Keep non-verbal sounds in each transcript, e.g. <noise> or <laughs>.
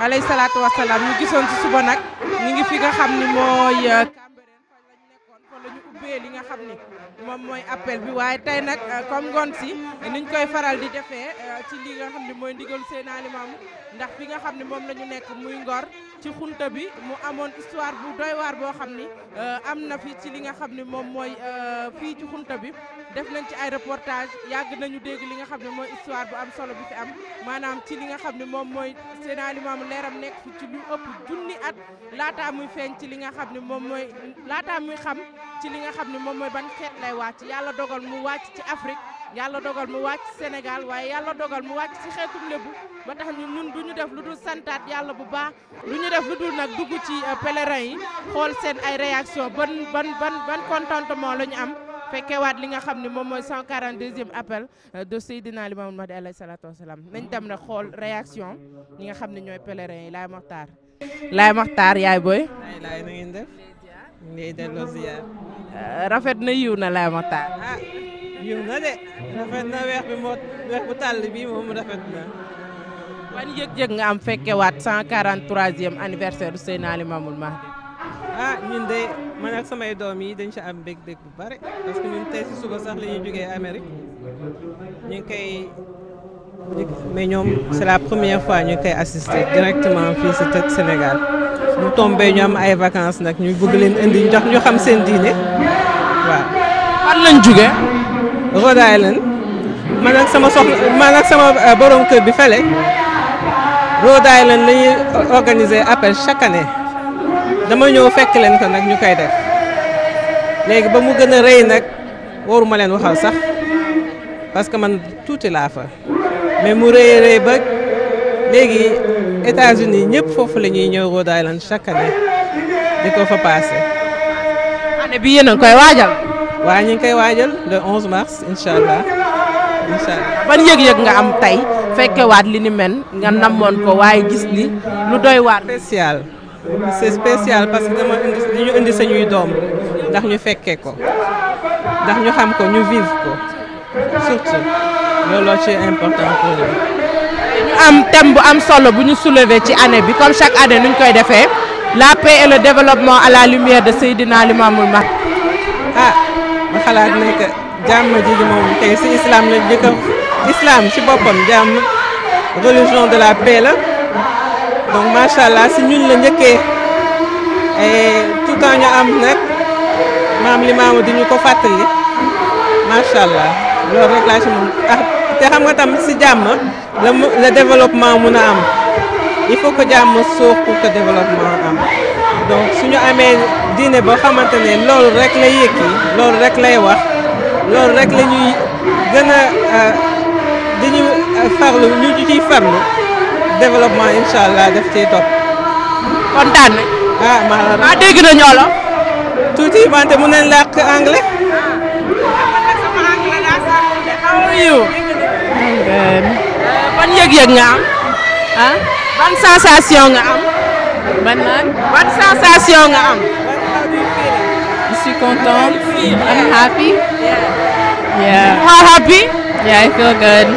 alay salaatu wasalaam ñu gisoon ci suba nag ñu ngi fi nga xam ni mooy euh, Cambérène fa lañ nekkoon fa la ñu ubbee li nga xam ni moom mooy appel bi waaye tey nag euh, comme ngoon si niñ koy faral di defee euh, ci li nga xam ni mooy ndigal seen alimam ndax fi nga xam ni moom la ñu nekk muy ngor ci xunta bi mu amoon histoire bu doy waar boo xam ni am na fi ci li nga xam ni moom mooy fii ci xunta bi def nañ ci ay reportage yàgg nañu dégg li nga xam ne mooy histoire bu am solo bi fi am maanaam ci li nga xam ne moom mooy Seydina Limaamu leeram nekk fi ci lu ëpp junni at laataa muy feeñ ci li nga xam ne moom mooy laataa muy xam ci li nga xam ne moom mooy ban xeet lay wàcc yàlla dogal mu wàcc ci Afrique yàlla dogal mu wàcc Sénégal waaye yàlla dogal mu wàcc ci xeetum lébu ba tax ñu ñun duñu ñu def lu dul santaat yàlla bu baax lu ñu def lu dul nag dugg ci euh, pèlerin yi xool seen ay réaction ban ban ban ban la ñu am fekkewaat li nga xam ne moom mooy 142e appel euh, de Seydina Limamou Mahdi alayhi salaatu wasalaam nañ dem na xool réaction ñi nga xam ne ñooy pèlerin yi Laay Maxtaar Laay Maxtaar yaay boy laay na euh, rafet na yiw na Laay Maxtaar ah, yiw na de rafet na weex bi moo weex bu tàll bi moom rafet na ban yëg-yëg nga am fekkewaat 143e anniversaire du Seydina Limamou Mahdi ah ñun de ma ak samay doom yi dañ ci am bég-bég bu bare parce que ñun tey si suba sax la ñuy jógee Amérique ñu ngi koy mais ñoom c'est la première fois ñu ngi koy assister directement fii si tëj Sénégal mu tombé ñu am ay vacances nag ñu bëgg leen indi jox ñu xam seen diine waaw. fan lañ jógee. Rhode Island man ak sama soxla man ak sama euh, borom kër bi fële Rhode Island la ñuy organiser appel chaque année. dama ñëw fekk leen ko nag ñu koy def léegi ba mu gën rëy nag waruma leen waxal sax parce que man tuuti laa fa mais mu rëy rëy ba léegi États-Unis ñëpp foofu la ñuy ñëw Rhode Island chaque année di ko fa passé. année bi yéen koy waajal. waa ñu ngi koy waajal le 11 mars incha allah ban yëg-yëg nga am tey fekke waat li ni mel nga namoon ko waaye gis ni lu doy waar. spécial. c'est spécial parce que dama indi dañu indi sañuy doom ndax ñu fekkee ko ndax ñu xam ko ñu vivre ko surtout looloo ci important pour am thème bu am solo bu ñu soulever ci année bi comme chaque année nuñ koy defee la paix et le développement à la lumière de Seydina Limamoul Mahdi ah ma xalaat ne que jàmm ji moom tey si islam la jëkk islam ci boppam jàmm religion de la paix la donc macha allah si ñun la njëkkee eh, tout am nag maam li maamu di ñu ko fàttali macha allah loolu rek laa si mun ah te xam nga tam si jàmm la le développement mun a am il faut ko jàmm suux pour que développement am donc suñu amee diine ba xamante ne loolu rek lay yëkki loolu rek lay wax loolu rek la gën a ah, di ah, farlu ñu ciy farlu. développement incha allah daf kontaan nañ. Ah, ah, dégg nañu olof. tuuti wante mën nañ làkk anglais. how are you. ban yëg-yëg nga am. Ah? ban sensation nga am. ban naan nga am. je suis contente. I'm happy. yeah. happy. yeah I feel good.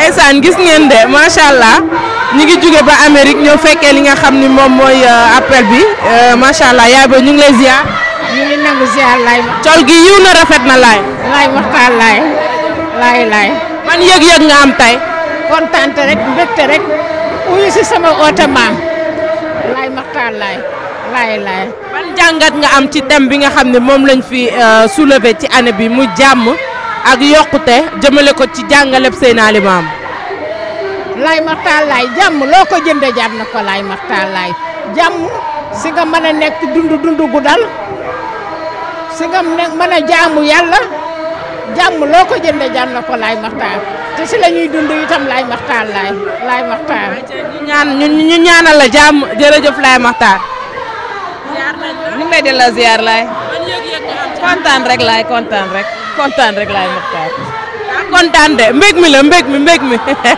ndeysaan gis ngeen de macha allah ñu ngi jóge ba Amérique ñoo fekkee li nga xam ni moom mooy euh, appel bi euh, macha allah yaay booy ñu ngi lay ziar. ñu ngi nangu ziar col gi yiw na rafet na laay. laay waxtaan laay laay laay. man yëg-yëg nga am tey. kontaan rek mbégte rek uyu si sama oote maam laay waxtaan laay laay laay. ban jàngat nga am ci thème bi nga xam ne moom lañ fi euh, soulever ci année bi mu jàmm. ak yokkute jëmale ko ci jàngaleb Seydina Limaamu Laay Maxtaar Laay jàmm loo ko jënde jàmm na Maxtaar Laay jàmm si nga mën a nekk dund dund gu si nga mën a jaamu yàlla jàmm loo ko jënde jàmm na ko Laay Maxtaar te si la ñuy dund itam Laay Maxtaar Laay Laay Maxtaar ñu ñaanal la jàmm jërëjëf Laay Maxtaar ñu ngi lay delloo ziar Laay kontaan rek Laay kontaan rek kontaan rek laay Mokhtar. ah kontaan de mbég mi la mbég mi mbég mi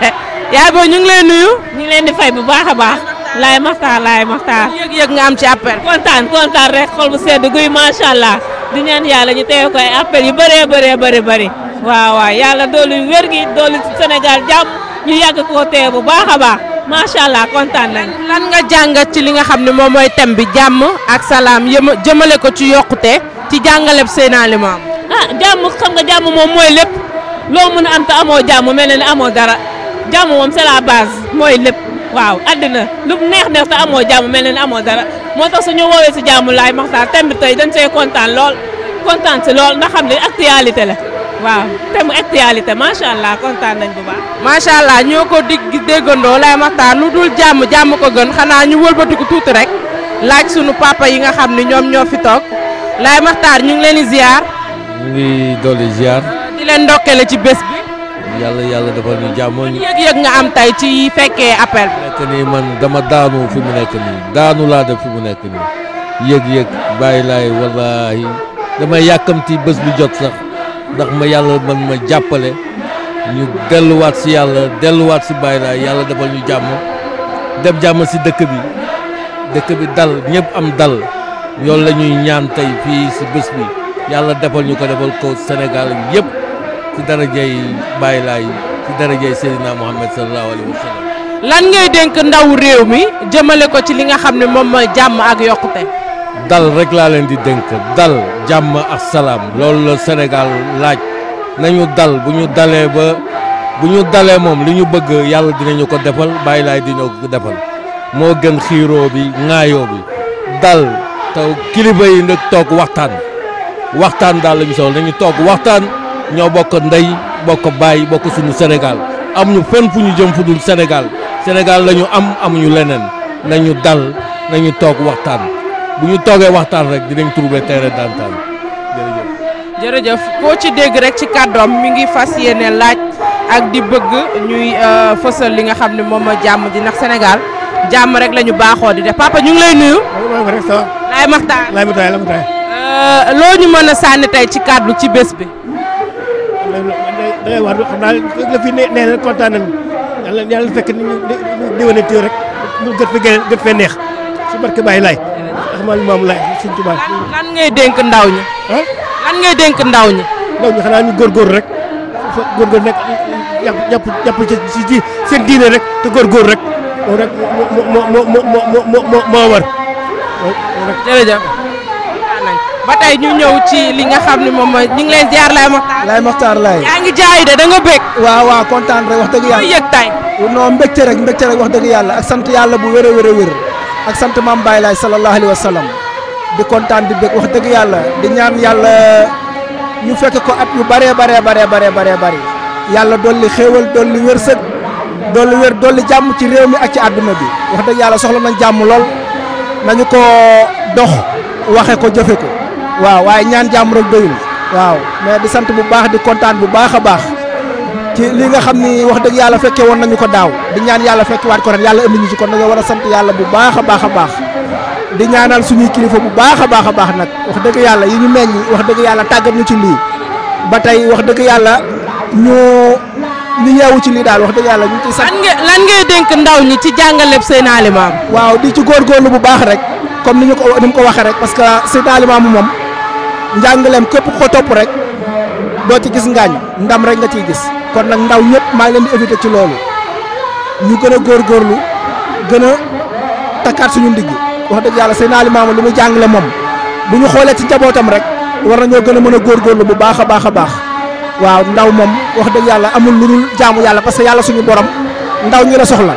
<laughs> yaay booy ñu ngi lay nuyu. ñu leen di fay bu baax a baax. laay Mokhtar laay Mokhtar. yëg-yëg nga am ci appel. kontaan kontaan rek xol bu sedd guy macha allah di ñaan yàlla ñu teew ko appel yu bare bëree bari bëri. waaw waaw yàlla doolu wér gi doolu Sénégal jàmm ñu yàgg koo teew bu baax a baax macha allah kontaan nañu. lan nga jàngat ci li nga xam ne moom mooy thème bi jàmm ak salaam yëma jëmale ko ci yokkute ci jàngaleb seen Limaamu jàmm xam nga jàmm moom mooy lépp loo mën a am te amoo jàmm mel na ne amoo dara jàmm moom c'est la mooy lépp waaw àddina lu neex neex te amoo jàmm mel na ne amoo dara moo tax suñu woowee si jàmm laay maxtaan thème tey dañ see kontaan lool kontaan si lool ndax xam ne actualité la waaw thème mu actualité macha allah kontaan nañ bu baax. macha allah ñoo ko digg déggandoo laay maxtaan lu dul jàmm jàmm ko gën xanaa ñu wëlbatiku tuuti rek laaj sunu papa yi nga xam ni ñoom ñoo fi toog laay maxtaan ñu ngi leen di ziar. mu ngi dolli ziar. di leen ndokkale ci bés bi. yàlla yàlla defal ñu jàmm. ñu yëg-yëg nga am tey ci dama daanu fi mu nekk nii daanu laa mu nekk nii yëg-yëg bàyyi laay wallaahi dama yàkkamti bés bi jot sax ndax ma yàlla man ma jàppale ñu delluwaat si yàlla delluwaat si bàyyi yàlla defal ñu jàmm dem jàmm si dëkk bi dëkk bi dal ñëpp am dal yoon la ñuy ñaan tey fii si bés bi. yàlla defal ñu ko defal ko Sénégal yëpp ci darajay Baay Laay ci darajay Seydina Muhammad sallallahu alayhi wa sallam lan ngay dénk ndaw réew mi jëmale ko ci li nga xam ne moom mooy jàmm ak yokkute. dal rek laa leen di dénk dal jàmm ak salaam loolu la Sénégal laaj nañu dal bu ñu dalee ba bu ñu dalee moom li ñu bëgg yàlla dinañu ko defal Baay Laay dina ko defal moo gën xiiroo bi ŋaayoo bi dal te kilifa yi nag toog waxtaan. waxtaan daal lañu soxla dañu toog waxtaan ñoo bokk ndey bokk baay bokk suñu Sénégal amuñu fenn fu ñu jëm fu dul Sénégal Sénégal lañu am amuñu leneen nañu dal nañu toog waxtaan bu ñu toogee waxtaan rek dinañ trouver terrain d'entente jërëjëf. jërëjëf koo ci dégg rek ci kàddoom mi ngi fas yéene laaj ak di bëgg ñuy euh, fësal li nga xam ne moom mooy jàmm di ndax Sénégal jàmm rek la baaxoo di def papa ñu ngi lay nuyu. laay maxtaay Euh, loo ñu mën a sànni tey ci kàddu ci bés bi. da ngay war xam naa la fi nee na kontaan nañu yàlla yàlla fekk ni ñu déwénee téye rek ñu gët fi neex su bàyyi laay. axmal moom laay ngay dénk ndaw ñi. lan ngay dénk ndaw ñi. ndaw ñi xanaa ñu góorgóorlu rek fa góorgóorlu rek jàpp jàpp jàpp ci seen diine rek te góorgóorlu rek moom rek moo moo moo moo moo moo war. jërëjëf. ba tey ñu ñëw ci li nga xam ne moom mooy ñu ngi lay ziar Laye Mokhtar. Laye Mokhtar Laye. yaa ngi jaay de da nga bég. waaw waa kontaan rek wax dëgg yàlla. yëg tay non mbégte rek mbégte rek wax dëgg yàlla ak sant yàlla bu wér a a wér ak sant maam Baye Laye sallallahu alayhi wa sallam di kontaan di wax dëgg yàlla di ñaan yàlla ñu fekk ko at yu bëree baree baree baree baree bëri yàlla dolli xéewal dolli wërsëg dolli wér dolli jàmm ci réew mi ak ci àdduna bi wax dëgg yàlla soxla nañ jàmm lool nañu ko dox waxe ko jëfe ko waaw waaye ñaan jàmm rek doyul waaw mais di sant bu baax di kontaan bu baax a baax ci lii nga xam ni wax dëgg yàlla fekke woon nañu ko daaw di ñaan yàlla fekkiwaat ko rek yàlla indi ñu ci kon dañoo war a sant yàlla bu baax a baax a baax di ñaanal suñuy kilifa bu baax a baax a baax nag wax dëgg yàlla yi ñu meññ wax dëgg yàlla tàggat ñu ci lii ba tey wax dëgg yàlla ñu ñu yeewu ci lii daal wax dëgg yàlla ñu ci sant lan ngay dénk ndaw ñi ci jàngaleb seen alimaam waaw di ci góorgóorlu bu baax rek comme ni ñu ko ni mu ko waxee rek parce que seen alimaam moom njàngaleem képp ko topp rek doo ci gis ngaañ ndam rek nga ciy gis kon nag ndaw ñëpp maa ngi leen di éviter ci loolu ñu gën a góor góorgóorlu gën a takkaat suñu ndigg wax dëgg yàlla seen alimaamu li mu jàngale moom bu ñu xoolee ci njabootam rek war nañoo gën a mën a góorgóorlu bu baax a baax a baax waaw ndaw moom wax dëgg yàlla amul lu dul jaamu yàlla parce que yàlla suñu borom ndaw ñi la soxla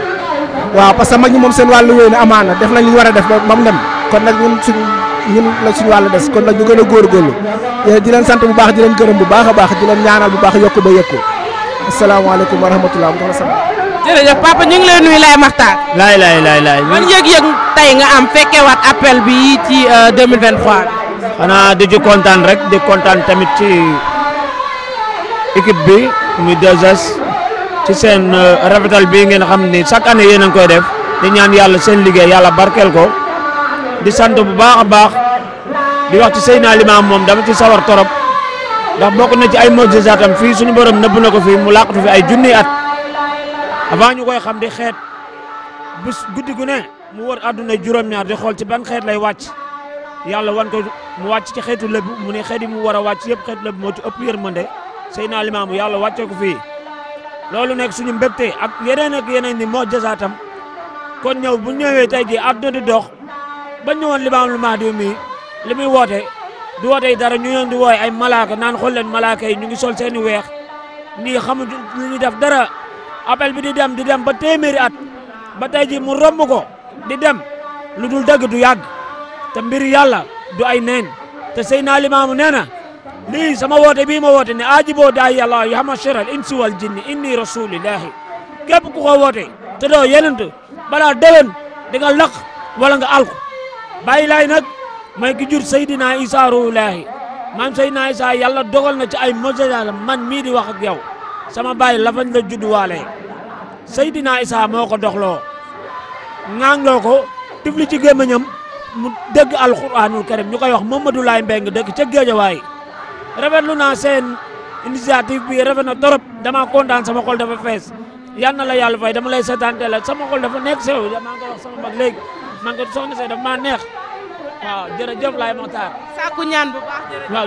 waaw parce que mag ñi moom seen wàllu wéy na amaana def nañ ñu war a def ba mu dem ñun la suñu wàll des kon nag ñu gën a góorgóorlu eh, di leen sant bu baax di leen gërëm bu baax a baax di leen ñaanal bu baax yokk ba yokku asalaamaaleykum wa rahmatulah wa rahmatulah. jërëjëf papa ñu ngi lay nuyu Laye Makhtar. laay laay laay laay. man yëg-yëg tey nga am fekkeewaat appel bi yii ci 2023. Euh, xanaa di ci kontaan rek di kontaan tamit ci équipe bi muy 2S ci seen euh, rafetal bi ngeen xam ni chaque année yéen a ngi koy def di ñaan yàlla seen liggéey yàlla barkeel ko. di sant bu baax a baax di wax ci Seydina Limaam moom dama ci sawar torop ndax bokk na ci ay mooj mujjizaatam fii suñu borom nëbb na ko fii mu làqatu fi ay junni at avant ñu koy xam di xeet bés guddi gu ne mu wër àdduna juróom-ñaar di xool ci ban xeet lay wàcc yàlla wan ko mu wàcc ci xeetu lëbb mu ne xeet yi mu war a wàcc yëpp xeetu lëbb moo ci ëpp yërmande Seydina Limaamu yàlla wàcce ko fii loolu nekk suñu mbégte ak yeneen ak yeneen ni mujjizaatam kon ñëw bu ñëwee tey jii àdduna di dox bañ ñu woon Limaamul Mahdi mi li muy woote du woote dara ñu leen di wooye ay malaaka naan xool leen malaaka yi ñu ngi sol seen i weex nii xamu lu ñu def dara appel bi di dem di dem ba téeméeri at ba tey ji mu romb ko di dem lu dul dagg du yàgg te mbir yàlla du ay neen te Seydina Limaamu nee na lii sama woote bii ma woote ni aajiboo daay yàlla ya masharal insi wal jinni inni rasulillahi képp ku ko woote te doo yenent balaa déwén di nga laq wala nga alku bàyyi laay nag mooy ki jur Seydina Isa Ruhulaahi maam Seydina Isa yàlla dogal na ci ay mojajal man mii di wax ak yow sama bàyyi la fañ la judduwaale Seydina Isa moo ko doxloo ŋaangloo ko tifli ci gémmiñam mu dégg alxuraanul karim ñu koy wax Mamadou Laay Mbeng dëkk ca Géejawaay rafetlu naa seen initiative bi rafet na torop damaa kontaan sama xol dafa fees yal na la yàlla fay dama lay seetaante la sama xol dafa nekk sew maa ngi ko wax sama maa neex waaw jërëjëf Laye Makhtar. sàkku ñaan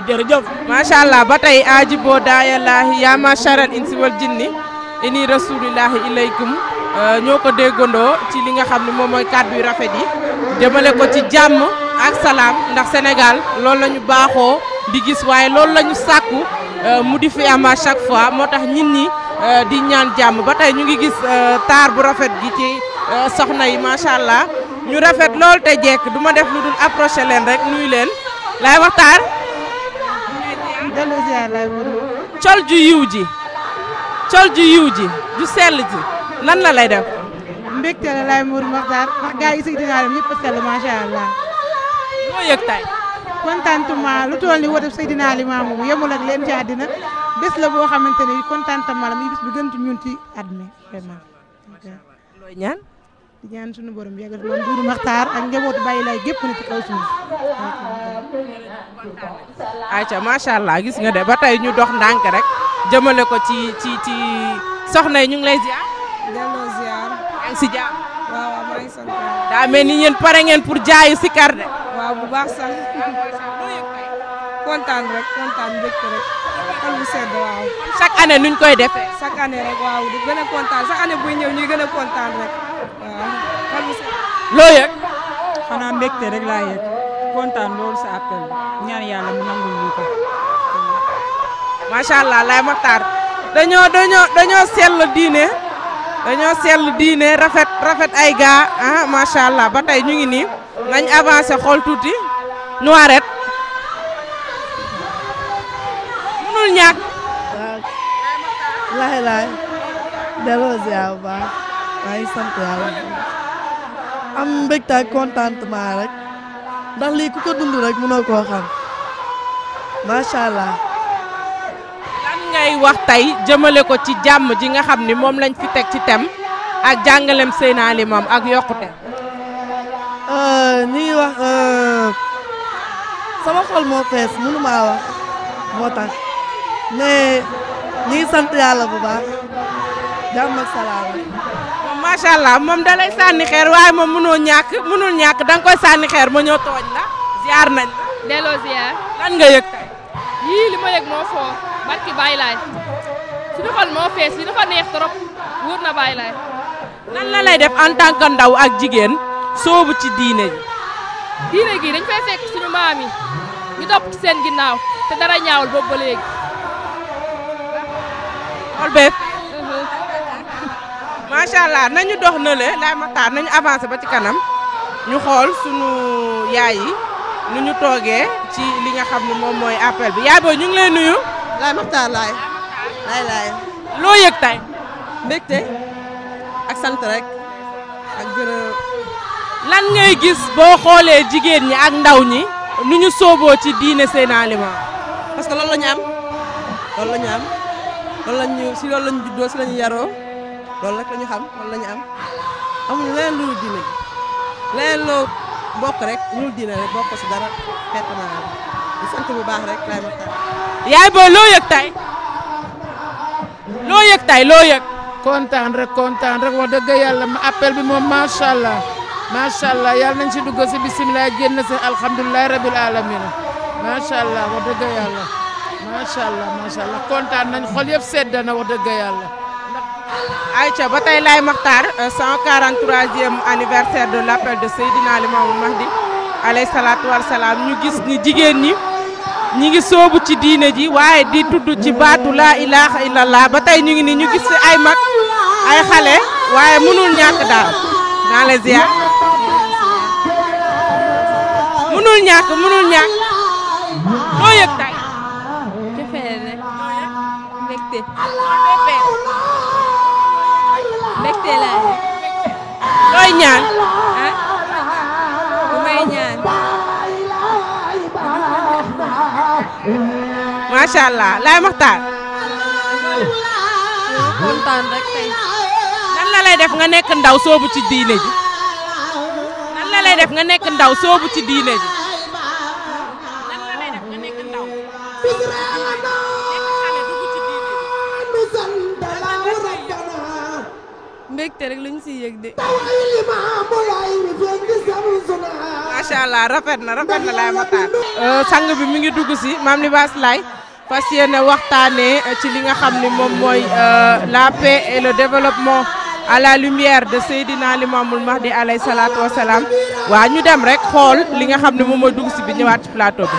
jërëjëf. macha allah ba tey aajiboo daaya laahi yaa macharal insi wal jinni ini rasulillahi ilaykum euh, ñoo ko déggandoo ci li nga xam ne moom mooy kàddu yu rafet yi jëmale ko ci jàmm ak salaam ndax senegal loolu la ñu baaxoo di gis waaye loolu lañu ñu sàkku euh, mu di fi am à chaque fois moo tax nit ñi euh, di ñaan jàmm ba tey ñu ngi gis taar bu rafet gi ci soxna yi macha allah. ñu rafet loolu te jekk du ma def lu dul approché leen rek nuyu leen laay waxtaan. dellu ziar laay col ju yiw ji col ju yiw ji ju sell ji lan la lay def. mbégte la laay muur Maxtaar ndax gars yi si dinaa dem yëpp a sell macha allah. moo yëg tay contentement lu toll ni def Seydina Limaamu mu yemul ak leen ci àddina bés la boo xamante ne contentement la muy bés bi gën ci ñun ci at mi vraiment. di ñaan suñu borom yàggal moom Duudu Maxtaar ak njabootu bàyyi laay gépp ne ci kaw suuf. ayca macha allah gis nga de ba tey ñu dox ndànk rek jëmale ko ci ci ci soxna yi ñu ngi lay ziar. delloo ziar. si jàmm. waaw waaw maa ngi mel ni yéen pare ngeen pour jaayu si kar de. waaw bu baax sax. kontaan rek kontaan mbégte rek. xol année nuñ koy defee. chaque année rek waaw di gën a kontaan chaque année buy ñuy gën a kontaan rek. waaw. loo yëg. xanaa mbégte rek laa yëg kontaan loolu sa appel ñaan yàlla mu nangul ñu ko. macha allah lay maxtaar dañoo dañoo dañoo seetlu diine dañoo seetlu diine rafet rafet ay gaa ah allah ba tey ñu ngi nii nañ avancé xool tuuti Noiret mënul ñàkk. laay laay delloo ziar baax. maa ngi sant yàlla am mbégte ak contentement rek ndax lii ku ko dund rek mënoo koo xam macha allah. ngay wax tey jëmale ko ci jàmm ji nga xam ni moom lañ fi teg ci tem ak jàngalem seen alimam ak yokkute. Euh, ñuy wax euh, sama xol moo fees mënu wax moo tax mais ñi sant yàlla bu baax jàmm ak macha allah moom da lay sànni xeer waaye moom mënoo ñàkk mënul ñàkk da nga koy sànni xeer ma ñoo tooñ la ziar nañ la. delloo ziar. lan nga yëg tey. yii li ma yëg moo foo barki Baye Laay suñu xol moo fees yi dafa neex trop wóor na Baye Laay. lan la lay def en tant que ndaw ak jigéen soobu ci diine ji. diine gi dañ fay fekk suñu maam yi ñu topp ci seen ginnaaw te dara ñaawul boobu ba léegi. macha allah nañu dox na le laay maxtaar nañu avancé ba ci kanam ñu xool suñu yaay yi nu ñu toogee ci li nga xam ne moom mooy appel bi yaay booy ñu ngi lay nuyu. laay maxtaar laay laay laay. loo yëg tey. mbégte ak sant rek ak gën a lan ngay gis boo xoolee jigéen ñi ak ndaw ñi nu ñu sooboo ci diine seen aliment parce que loolu la ñu am loolu la am loolu la si loolu la ñu juddoo si la yaroo. loolu nag ñu xam loolu la am amuñu leneen lu diine gi loo bokk rek lu diine rek bokk si dara xeetu naa di sant bu baax rek laay ma taal. yaay booy loo yëg tay loo yëg tay loo yëg. kontaan rek kontaan rek wax dëgg yàlla ma appel bi moom macha allah macha allah yàlla nañ si dugg si bisimilah génn si alhamdulilah rabil alamin macha allah wax dëgg yàlla macha allah kontaan nañ xol yëpp sedd na wax dëgg yàlla. Aïcha ba tey Laye Makhtar 143e euh, anniversaire de l'appel de Seydina Limamoul Mahdi alayhi salaatu wa ñu gis ni jigéen ñi ñu ngi soobu ci diine ji waaye di tudd ci baatu laa ilaha illallah ba tey ñu ngi ni ñu gis ay mag ay xale waaye mënul ñàkk daal naa mënul ñàkk mënul ñàkk mbégte laa looy ñaan ah lu may ñaan macha allah laay nan la lay def nga nekk ndaw soobu ci diine ji nan la lay def nga nekk ndaw soobu ci diine ji mbégte rek lañ si yëg de. macha allah rafet na rafet na laay mataan. Euh, sang bi mi ngi dugg si maam Libaas Laay fas yéene waxtaanee euh, ci li nga xam ne moom mooy euh, la paix et le développement à la lumière de Seydina Limaamul Mahdi alayhi salaatu wa waa ñu dem rek xool li nga xam ne moom mooy dugg si bi ñëwaat ci plateau bi.